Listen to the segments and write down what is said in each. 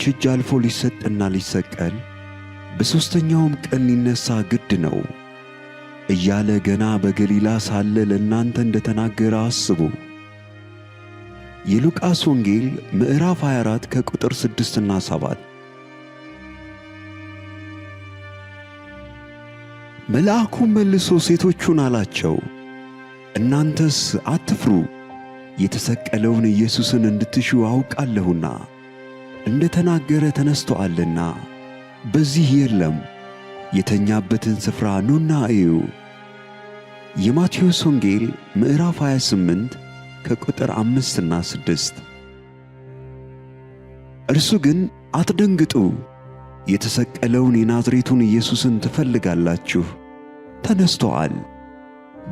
በሰዎች እጅ አልፎ ሊሰጥና ሊሰቀል በሦስተኛውም ቀን ሊነሣ ግድ ነው እያለ ገና በገሊላ ሳለ ለእናንተ እንደ ተናገረ አስቡ። የሉቃስ ወንጌል ምዕራፍ 24 ከቁጥር 6 እና 7። መልአኩም መልሶ ሴቶቹን አላቸው፣ እናንተስ አትፍሩ፣ የተሰቀለውን ኢየሱስን እንድትሹ አውቃለሁና እንደ ተናገረ ተነሥቶአልና በዚህ የለም። የተኛበትን ስፍራ ኑና እዩ። የማቴዎስ ወንጌል ምዕራፍ 28 ከቁጥር አምስትና ስድስት እርሱ ግን አትደንግጡ፣ የተሰቀለውን የናዝሬቱን ኢየሱስን ትፈልጋላችሁ፣ ተነሥቶአል፣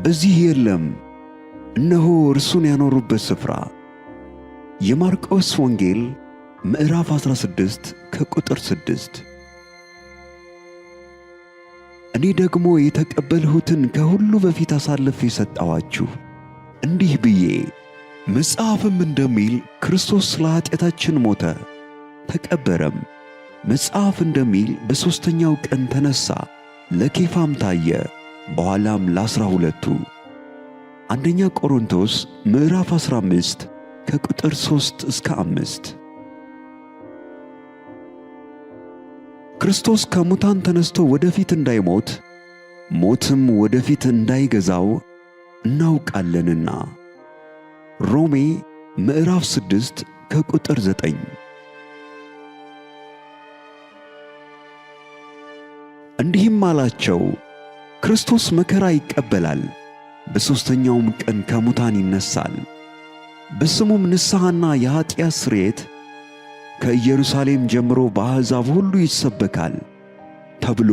በዚህ የለም፣ እነሆ እርሱን ያኖሩበት ስፍራ። የማርቆስ ወንጌል ምዕራፍ 16 ከቁጥር 6 እኔ ደግሞ የተቀበልሁትን ከሁሉ በፊት አሳልፌ ሰጠኋችሁ እንዲህ ብዬ መጽሐፍም እንደሚል ክርስቶስ ስለ ኃጢአታችን ሞተ፣ ተቀበረም፤ መጽሐፍ እንደሚል በሦስተኛው ቀን ተነሣ፣ ለኬፋም ታየ፣ በኋላም ለአሥራ ሁለቱ። አንደኛ ቆሮንቶስ ምዕራፍ 15 ከቁጥር 3 እስከ 5 ክርስቶስ ከሙታን ተነስቶ ወደፊት እንዳይሞት ሞትም ወደፊት እንዳይገዛው እናውቃለንና። ሮሜ ምዕራፍ ስድስት ከቁጥር ዘጠኝ እንዲህም አላቸው፣ ክርስቶስ መከራ ይቀበላል፣ በሦስተኛውም ቀን ከሙታን ይነሣል፣ በስሙም ንስሐና የኀጢአት ስርየት ከኢየሩሳሌም ጀምሮ በአሕዛብ ሁሉ ይሰበካል ተብሎ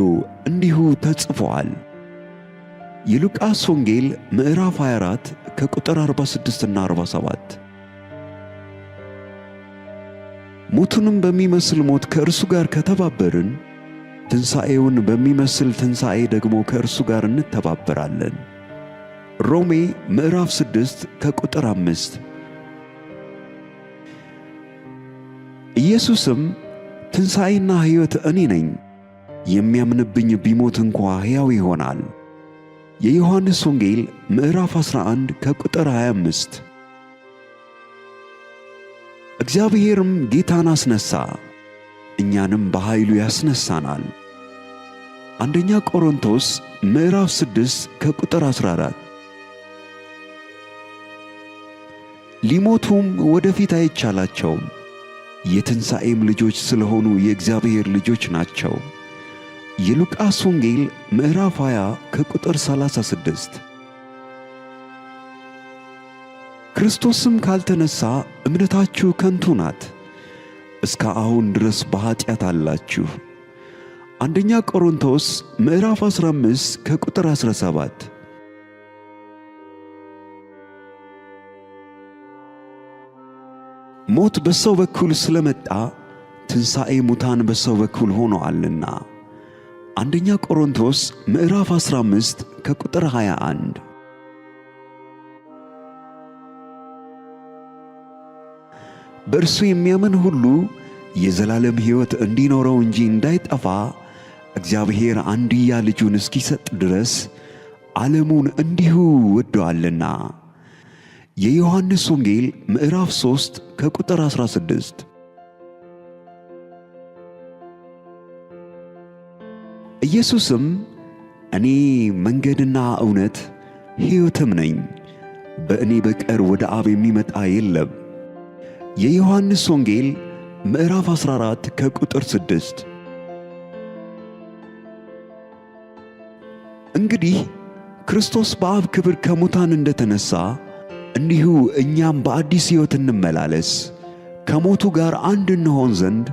እንዲሁ ተጽፎአል። የሉቃስ ወንጌል ምዕራፍ 24 ከቁጥር 46 እና 47 ሞቱንም በሚመስል ሞት ከእርሱ ጋር ከተባበርን ትንሣኤውን በሚመስል ትንሣኤ ደግሞ ከእርሱ ጋር እንተባበራለን። ሮሜ ምዕራፍ 6 ከቁጥር 5 ኢየሱስም ትንሣኤና ሕይወት እኔ ነኝ፣ የሚያምንብኝ ቢሞት እንኳ ሕያው ይሆናል። የዮሐንስ ወንጌል ምዕራፍ 11 ከቁጥር 25። እግዚአብሔርም ጌታን አስነሣ፣ እኛንም በኃይሉ ያስነሣናል። አንደኛ ቆሮንቶስ ምዕራፍ 6 ከቁጥር 14። ሊሞቱም ወደፊት አይቻላቸውም የትንሣኤም ልጆች ስለሆኑ የእግዚአብሔር ልጆች ናቸው። የሉቃስ ወንጌል ምዕራፍ 20 ከቁጥር 36። ክርስቶስም ካልተነሣ እምነታችሁ ከንቱ ናት፣ እስከ አሁን ድረስ በኀጢአት አላችሁ። አንደኛ ቆሮንቶስ ምዕራፍ 15 ከቁጥር 17 ሞት በሰው በኩል ስለመጣ ትንሣኤ ሙታን በሰው በኩል ሆኖአልና። አንደኛ ቆሮንቶስ ምዕራፍ 15 ከቁጥር 21። በእርሱ የሚያምን ሁሉ የዘላለም ሕይወት እንዲኖረው እንጂ እንዳይጠፋ እግዚአብሔር አንድያ ልጁን እስኪሰጥ ድረስ ዓለሙን እንዲሁ ወዶአልና። የዮሐንስ ወንጌል ምዕራፍ 3 ከቁጥር 16። ኢየሱስም እኔ መንገድና እውነት ሕይወትም ነኝ፣ በእኔ በቀር ወደ አብ የሚመጣ የለም። የዮሐንስ ወንጌል ምዕራፍ 14 ከቁጥር 6። እንግዲህ ክርስቶስ በአብ ክብር ከሙታን እንደተነሳ እንዲሁ እኛም በአዲስ ሕይወት እንመላለስ፣ ከሞቱ ጋር አንድ እንሆን ዘንድ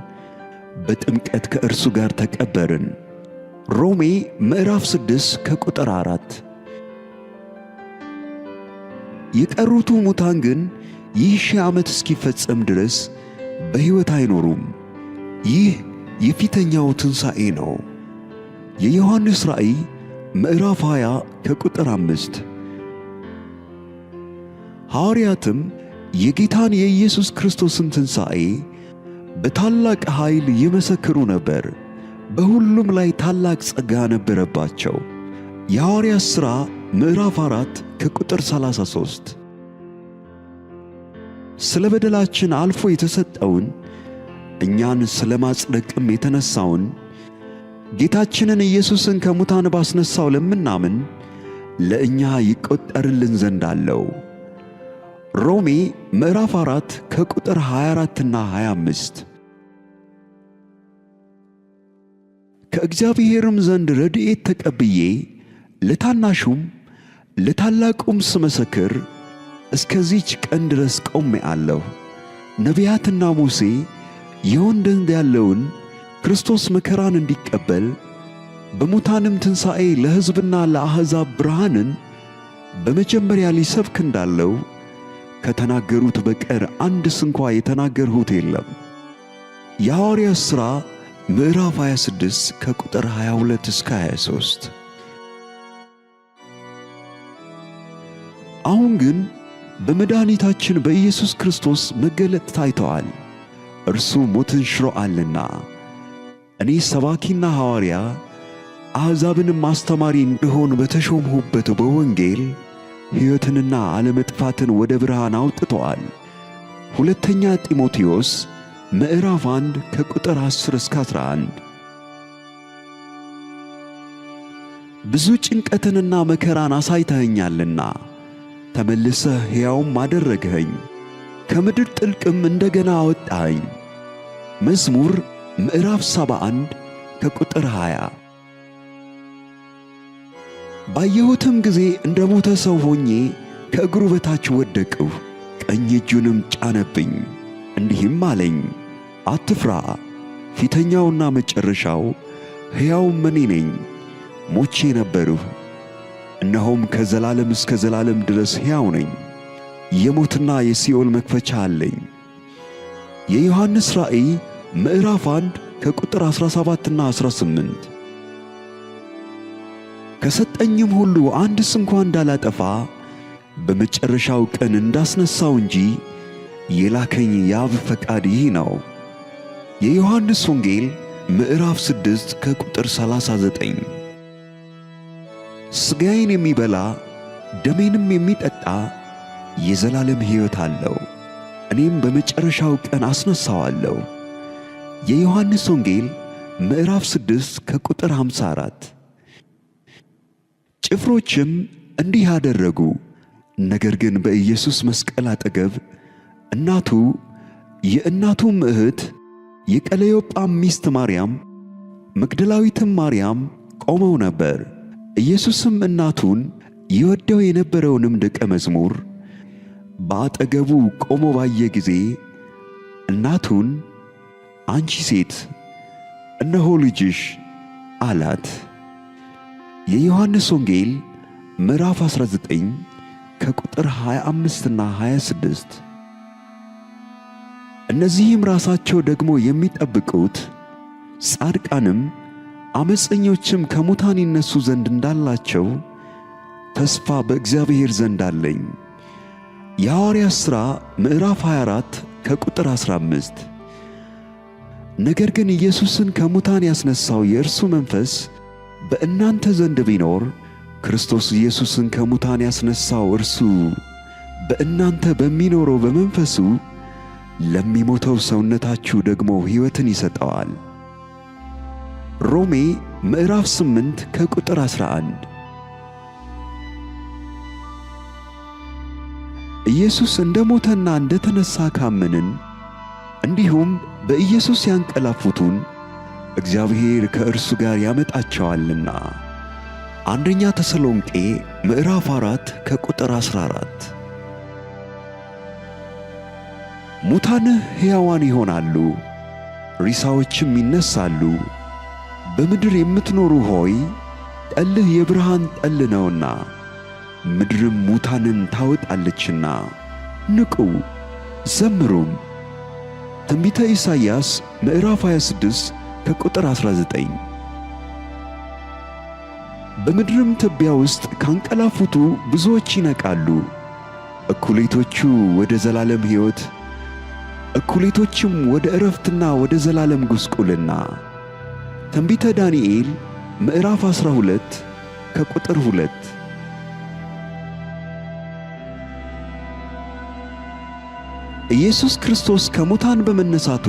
በጥምቀት ከእርሱ ጋር ተቀበርን። ሮሜ ምዕራፍ ስድስት ከቁጥር 4። የቀሩቱ ሙታን ግን ይህ ሺህ ዓመት እስኪፈጸም ድረስ በሕይወት አይኖሩም። ይህ የፊተኛው ትንሣኤ ነው። የዮሐንስ ራእይ ምዕራፍ 20 ከቁጥር 5 ሐዋርያትም የጌታን የኢየሱስ ክርስቶስን ትንሣኤ በታላቅ ኃይል ይመሰክሩ ነበር፣ በሁሉም ላይ ታላቅ ጸጋ ነበረባቸው። የሐዋርያት ሥራ ምዕራፍ 4 ከቁጥር 33 ስለ በደላችን አልፎ የተሰጠውን እኛን ስለ ማጽደቅም የተነሣውን ጌታችንን ኢየሱስን ከሙታን ባስነሣው ለምናምን ለእኛ ይቈጠርልን ዘንድ አለው። ሮሜ ምዕራፍ 4 ከቁጥር 24 እና 25 ከእግዚአብሔርም ዘንድ ረድኤት ተቀብዬ ለታናሹም ለታላቁም ስመሰክር እስከዚች ቀን ድረስ ቆሜ አለሁ። ነቢያትና ሙሴ ይሆን ዘንድ ያለውን ክርስቶስ መከራን እንዲቀበል በሙታንም ትንሣኤ ለሕዝብና ለአሕዛብ ብርሃንን በመጀመሪያ ሊሰብክ እንዳለው ከተናገሩት በቀር አንድ ስንኳ የተናገርሁት የለም። የሐዋርያ ሥራ ምዕራፍ 26 ከቁጥር 22 እስከ 23። አሁን ግን በመድኃኒታችን በኢየሱስ ክርስቶስ መገለጥ ታይተዋል። እርሱ ሞትን ሽሮአልና እኔ ሰባኪና ሐዋርያ አሕዛብንም አስተማሪ እንደሆን በተሾምሁበት በወንጌል ሕይወትንና አለመጥፋትን ወደ ብርሃን አውጥተዋል። ሁለተኛ ጢሞቴዎስ ምዕራፍ 1 ከቁጥር 10 እስከ 11 ብዙ ጭንቀትንና መከራን አሳይተኸኛልና ተመልሰህ ሕያውም አደረግኸኝ፣ ከምድር ጥልቅም እንደገና አወጣኸኝ። መዝሙር ምዕራፍ 71 ከቁጥር 20 ባየሁትም ጊዜ እንደ ሞተ ሰው ሆኜ ከእግሩ በታች ወደቅሁ። ቀኝ እጁንም ጫነብኝ፣ እንዲህም አለኝ፣ አትፍራ፣ ፊተኛውና መጨረሻው ሕያውም እኔ ነኝ። ሞቼ ነበርሁ፣ እነሆም ከዘላለም እስከ ዘላለም ድረስ ሕያው ነኝ። የሞትና የሲኦል መክፈቻ አለኝ። የዮሐንስ ራእይ ምዕራፍ 1 ከቁጥር 17ና 18 ከሰጠኝም ሁሉ አንድስ እንኳ እንዳላጠፋ በመጨረሻው ቀን እንዳስነሳው እንጂ የላከኝ የአብ ፈቃድ ይህ ነው። የዮሐንስ ወንጌል ምዕራፍ ስድስት ከቁጥር 39 ዘጠኝ ሥጋዬን የሚበላ ደሜንም የሚጠጣ የዘላለም ሕይወት አለው፣ እኔም በመጨረሻው ቀን አስነሣዋለሁ። የዮሐንስ ወንጌል ምዕራፍ 6 ከቁጥር 54 ጭፍሮችም እንዲህ አደረጉ። ነገር ግን በኢየሱስ መስቀል አጠገብ እናቱ የእናቱም እህት የቀለዮጳ ሚስት ማርያም፣ መግደላዊትም ማርያም ቆመው ነበር። ኢየሱስም እናቱን ይወደው የነበረውንም ደቀ መዝሙር በአጠገቡ ቆሞ ባየ ጊዜ እናቱን አንቺ ሴት እነሆ ልጅሽ አላት። የዮሐንስ ወንጌል ምዕራፍ 19 ከቁጥር 25 እና 26 እነዚህም ራሳቸው ደግሞ የሚጠብቁት ጻድቃንም ዓመፀኞችም ከሙታን ይነሱ ዘንድ እንዳላቸው ተስፋ በእግዚአብሔር ዘንድ አለኝ። የሐዋርያት ሥራ ምዕራፍ 24 ከቁጥር 15 ነገር ግን ኢየሱስን ከሙታን ያስነሣው የእርሱ መንፈስ በእናንተ ዘንድ ቢኖር ክርስቶስ ኢየሱስን ከሙታን ያስነሣው እርሱ በእናንተ በሚኖረው በመንፈሱ ለሚሞተው ሰውነታችሁ ደግሞ ሕይወትን ይሰጠዋል። ሮሜ ምዕራፍ 8 ከቁጥር 11። ኢየሱስ እንደ ሞተና እንደ ተነሣ ካመንን እንዲሁም በኢየሱስ ያንቀላፉቱን እግዚአብሔር ከእርሱ ጋር ያመጣቸዋልና። አንደኛ ተሰሎንቄ ምዕራፍ 4 ከቁጥር 14። ሙታንህ ሕያዋን ይሆናሉ፣ ሪሳዎችም ይነሳሉ። በምድር የምትኖሩ ሆይ ጠልህ የብርሃን ጠል ነውና ምድርም ሙታንን ታወጣለችና ንቁ ዘምሩም። ትንቢተ ኢሳይያስ ምዕራፍ 26 ከቁጥር 19 በምድርም ትቢያ ውስጥ ካንቀላፉቱ ብዙዎች ይነቃሉ፣ እኩሌቶቹ ወደ ዘላለም ሕይወት፣ እኩሌቶችም ወደ ዕረፍትና ወደ ዘላለም ጉስቁልና። ትንቢተ ዳንኤል ምዕራፍ 12 ከቁጥር 2። ኢየሱስ ክርስቶስ ከሙታን በመነሳቱ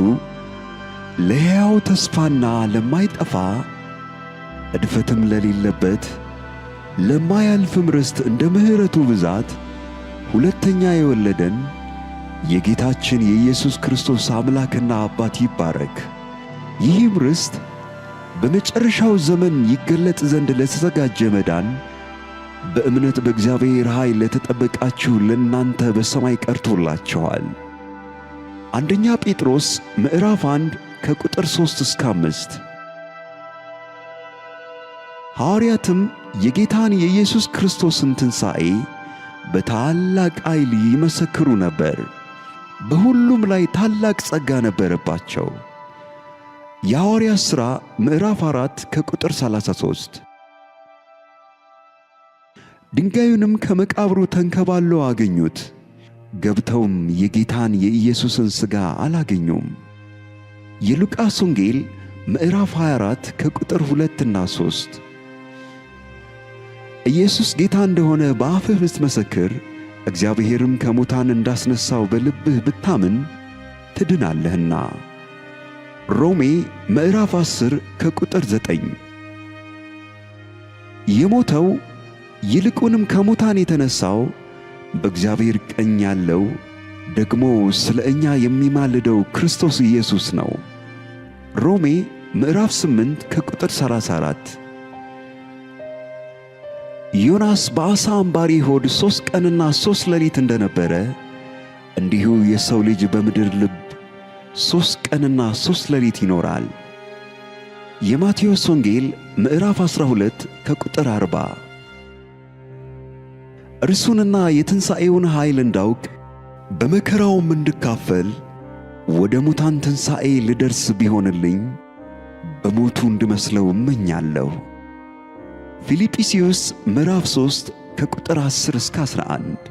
ለሕያው ተስፋና ለማይጠፋ እድፈትም ለሌለበት ለማያልፍም ርስት እንደ ምሕረቱ ብዛት ሁለተኛ የወለደን የጌታችን የኢየሱስ ክርስቶስ አምላክና አባት ይባረክ። ይህም ርስት በመጨረሻው ዘመን ይገለጥ ዘንድ ለተዘጋጀ መዳን በእምነት በእግዚአብሔር ኃይል ለተጠበቃችሁ ለእናንተ በሰማይ ቀርቶላችኋል። አንደኛ ጴጥሮስ ምዕራፍ አንድ ከቁጥር ሦስት እስከ አምስት ሐዋርያትም የጌታን የኢየሱስ ክርስቶስን ትንሣኤ በታላቅ ኃይል ይመሰክሩ ነበር። በሁሉም ላይ ታላቅ ጸጋ ነበረባቸው። የሐዋርያት ሥራ ምዕራፍ አራት ከቁጥር 33 ድንጋዩንም ከመቃብሩ ተንከባለው አገኙት። ገብተውም የጌታን የኢየሱስን ሥጋ አላገኙም። የሉቃስ ወንጌል ምዕራፍ 24 ከቁጥር 2 እና 3 ኢየሱስ ጌታ እንደሆነ በአፍህ ብትመሰክር እግዚአብሔርም ከሙታን እንዳስነሳው በልብህ ብታምን ትድናለህና። ሮሜ ምዕራፍ 10 ከቁጥር 9 የሞተው ይልቁንም ከሙታን የተነሳው በእግዚአብሔር ቀኝ ያለው ደግሞ ስለ እኛ የሚማልደው ክርስቶስ ኢየሱስ ነው። ሮሜ ምዕራፍ 8 ከቁጥር 34 ዮናስ በአሳ አንባሪ ሆድ ሦስት ቀንና ሦስት ሌሊት እንደነበረ እንዲሁ የሰው ልጅ በምድር ልብ ሦስት ቀንና ሦስት ሌሊት ይኖራል። የማቴዎስ ወንጌል ምዕራፍ 12 ከቁጥር 40 እርሱንና የትንሣኤውን ኃይል እንዳውቅ በመከራውም እንድካፈል ወደ ሙታን ትንሣኤ ልደርስ ቢሆንልኝ በሞቱ እንድመስለው እመኛለሁ። ፊልጵስዩስ ምዕራፍ 3 ከቁጥር 10 እስከ 11።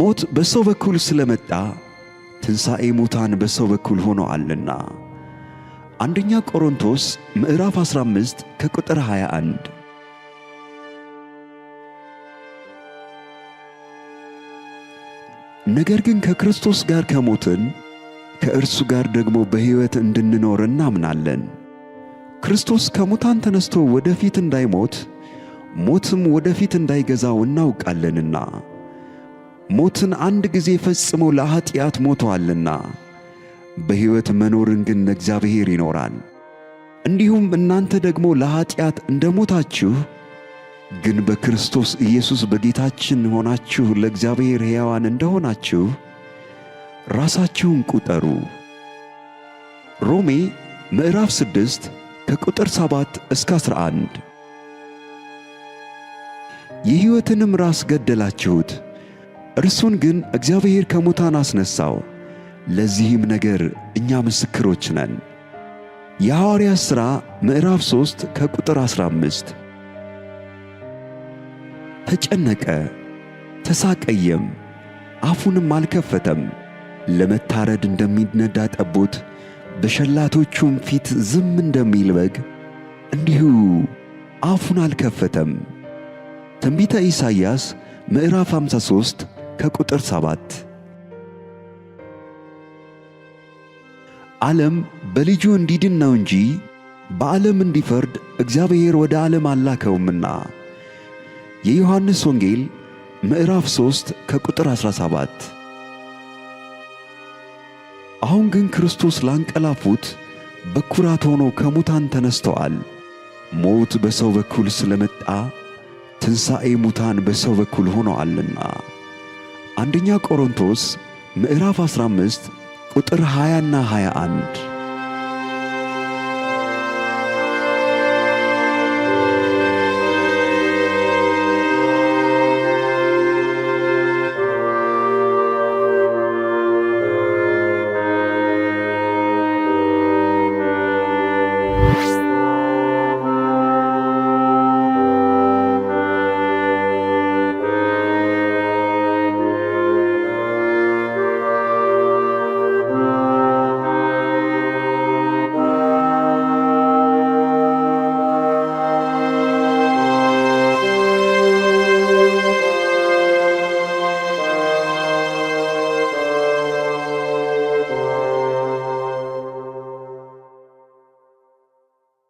ሞት በሰው በኩል ስለመጣ ትንሣኤ ሙታን በሰው በኩል ሆኖአልና። አንደኛ ቆሮንቶስ ምዕራፍ 15 ከቁጥር 21 ነገር ግን ከክርስቶስ ጋር ከሞትን ከእርሱ ጋር ደግሞ በሕይወት እንድንኖር እናምናለን። ክርስቶስ ከሙታን ተነሥቶ ወደፊት እንዳይሞት ሞትም ወደፊት እንዳይገዛው እናውቃለንና ሞትን አንድ ጊዜ ፈጽሞ ለኀጢአት ሞቶአልና በሕይወት መኖርን ግን እግዚአብሔር ይኖራል። እንዲሁም እናንተ ደግሞ ለኀጢአት እንደ ሞታችሁ ግን በክርስቶስ ኢየሱስ በጌታችን ሆናችሁ ለእግዚአብሔር ሕያዋን እንደሆናችሁ ራሳችሁን ቁጠሩ። ሮሜ ምዕራፍ ስድስት ከቁጥር ሰባት እስከ 11 የሕይወትንም ራስ ገደላችሁት፣ እርሱን ግን እግዚአብሔር ከሙታን አስነሣው። ለዚህም ነገር እኛ ምስክሮች ነን። የሐዋርያ ሥራ ምዕራፍ ሦስት ከቁጥር 15 ተጨነቀ፣ ተሳቀየም፣ አፉንም አልከፈተም። ለመታረድ እንደሚነዳ ጠቦት በሸላቶቹም ፊት ዝም እንደሚል በግ እንዲሁ አፉን አልከፈተም። ትንቢተ ኢሳይያስ ምዕራፍ 53 ከቁጥር 7 ዓለም በልጁ እንዲድን ነው እንጂ በዓለም እንዲፈርድ እግዚአብሔር ወደ ዓለም አላከውምና የዮሐንስ ወንጌል ምዕራፍ 3 ከቁጥር 17 አሁን ግን ክርስቶስ ላንቀላፉት በኩራት ሆኖ ከሙታን ተነስተዋል። ሞት በሰው በኩል ስለመጣ ትንሣኤ ሙታን በሰው በኩል ሆኖአልና። አንደኛ ቆሮንቶስ ምዕራፍ 15 ቁጥር 20 እና 21